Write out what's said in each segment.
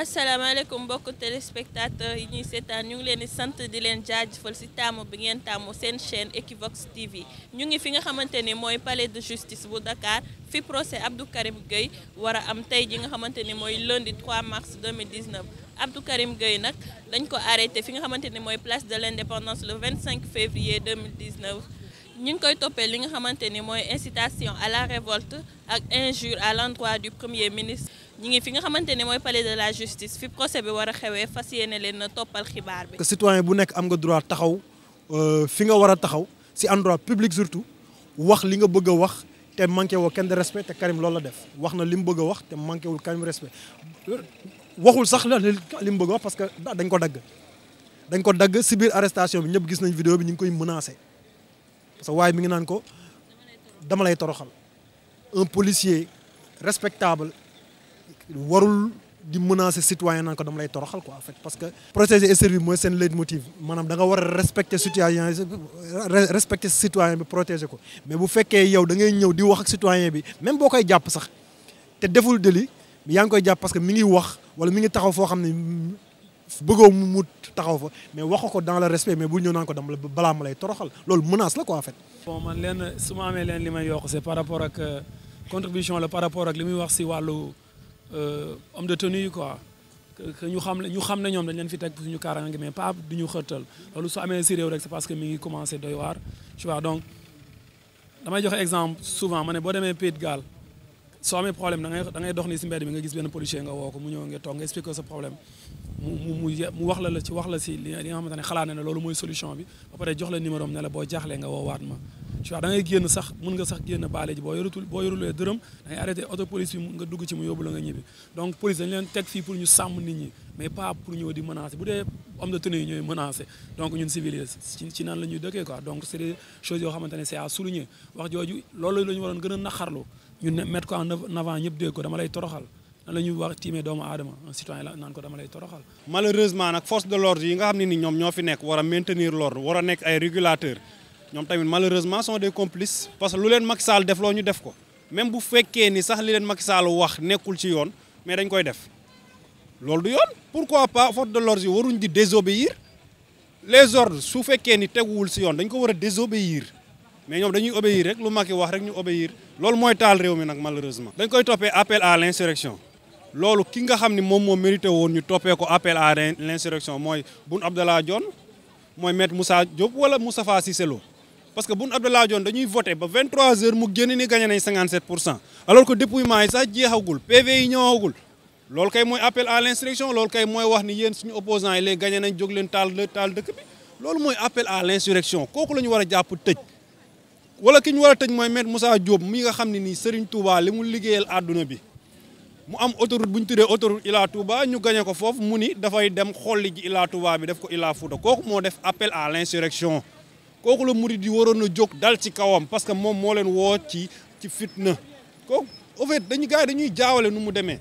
asalaamaaleykum mbokk téléspectateur yi ñuy seetaan ñu ngi leen di sant di leen jaajëfal si taamu bi ngeen taamu seen chaîne Equivox TV ñu ngi fi nga xamante ni mooy palais de justice bu Dakar fi procès Abdou Karim Gueye war a am tey ji nga xamante ni mooy lundi 3 mars 2019 Abdou Karim Gueye nag dañ ko arrêté fi nga xamante ni mooy place de l'indépendance le 25 février 2019 ñu ngi koy toppee li nga xamante ni mooy incitation à la révolte ak injure à l'endroit du premier ministre ñi ngi fi nga xamante ne mooy palais de la justice fi procès bi war a xewee fas yéene leen na toppal xibaar bi. citoyen bu nekk am nga droit taxaw euh, fi nga war a taxaw si endroit public surtout wax li nga bëgg a wax te manqué woo kenn de respect te Karim loolu la def wax na li mu bëgg a wax te manqué wul Karim respect waxul sax la li mu bëgg wax parce que dañ ko dagg dañ ko dagg si biir arrestation bi ñëpp gis nañ vidéo bi ñu ngi koy menacé parce que waaye mi ngi naan ko dama lay toroxal un policier respectable. warul di menacer citoyen naan ko dama lay toroxal ko en fait parce que protéger et servir mooy seen leitmotiv maanaam da nga war a respecter citoyen respecter citoyen bi protéger ko mais bu fekkee yow da ngay ñëw di wax ak citoyen bi même boo koy jàpp sax te deful délit yaa ngi koy jàpp parce que mi ngi wax wala mi ngi taxaw foo xam ne bëggoo mu taxaw fa mais wax ko dans le respect mais bul ñëw naan ko dama la balaa ma lay toroxal loolu menace la quoi fait. bon man leen su ma amee leen li may yokk c'est par rapport ak euh, contribution la par rapport ak li muy wax si wàllu. Euh, homme de tenue yi quoi que ñu xam ñu xam ne ñoom dañ leen fi teg suñu kaaraange mais pas du ñu xërtal loolu su amee si rek c'est parce que mi ngi commencé doy waar tu vois donc damay jox exemple souvent ma ne boo demee Pays de Galles soo amee problème da ngay da ngay dox ni si mbedd bi nga gis benn policier nga woo ko mu ñëw nga toog nga expliquer sa problème mu mu wax la la ci wax la si li nga xamante ne xalaat na ne loolu mooy solution bi ba pare jox la numéro am ne la boo jaaxlee tu vois da ngay sax mun nga sax génn baale ji boo yorutul boo yorulee dërëm da ngay arrêté auto police nga dugg ci mu yóbbu la nga ñibbi donc police dañ leen teg ñu sàmm nit ñi mais pas pour ñëw di menacer bu dee homme de tenue yi ñun civilisé ci ci la ñuy dëkkee quoi donc c'est des choses yoo xamante ne c'est à souligner wax jooju loolu la ñu waroon gën a naqarlu ñu ñëpp ko dama lay toroxal la ñuy wax tiimee doomu aadama un citoyen dama lay toroxal malheureusement nag force de l'ordre yi nga xam ne ni ñoom ñoo fi nekk war a maintenir war a nekk ay régulateur ñoom tamit malheureusement sont des complices parce que lu leen Macky Sall def loo ñu def ko même bu fekkee ni sax li leen Macky Sall wax nekkul ci yoon mais dañ koy def loolu du yoon pourquoi pas faute de l'ordre yi waruñ di désobéir les ordres su fekkee ni teguwul ci yoon dañ ko war a désobéir mais ñoom dañuy obéir rek lu Macky wax rek ñu obéir loolu mooy taal réew mi nag malheureusement. dañ koy toppee appel à l'insurrection loolu ki nga xam ne moom moo mérité woon ñu toppee ko appel à l'insurrection mooy Boun Abdallah Dionne mooy maître Moussa Diop wala Moustapha Cissé Lo parce que Boun Abdallah Dionne dañuy voté ba 23h mu génn ni gagné nañ 57 pour cent alors que dépouillement yi sax jeexagul PV yi ñëwagul loolu kay mooy appel à l' insurrection loolu kay mooy wax ni yéen suñu opposants yi léegi gagné nañ jóg leen taal la taal dëkk bi loolu mooy appel à l' insurrection kooku lañu ñu war a jàpp tëj wala ki ñu war a tëj mooy maître Moussa Diop mi nga xam ne nii Serigne Touba li mu liggéeyal àdduna bi mu am autoroute bu ñu tuddee autoroute Ila Touba ñu gagné ko foofu mu ni dafay dem xolli ji Ila Touba bi def ko Ila Fouta kooku moo def appel l' insurrection kooku la murid di waroon na jóg dal ci kawam parce que moom moo leen woo ci ci fitna ko au fait dañu gaa yi dañuy jaawale nu mu demee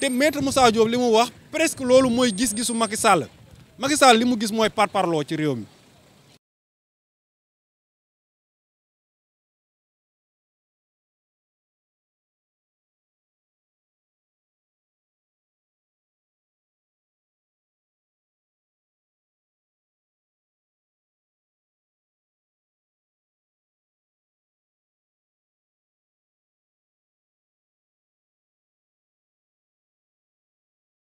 te maître Moussa Diop li mu wax presque loolu mooy gis-gisu Macky Sall Macky Sall li mu gis mooy par parparloo ci réew mi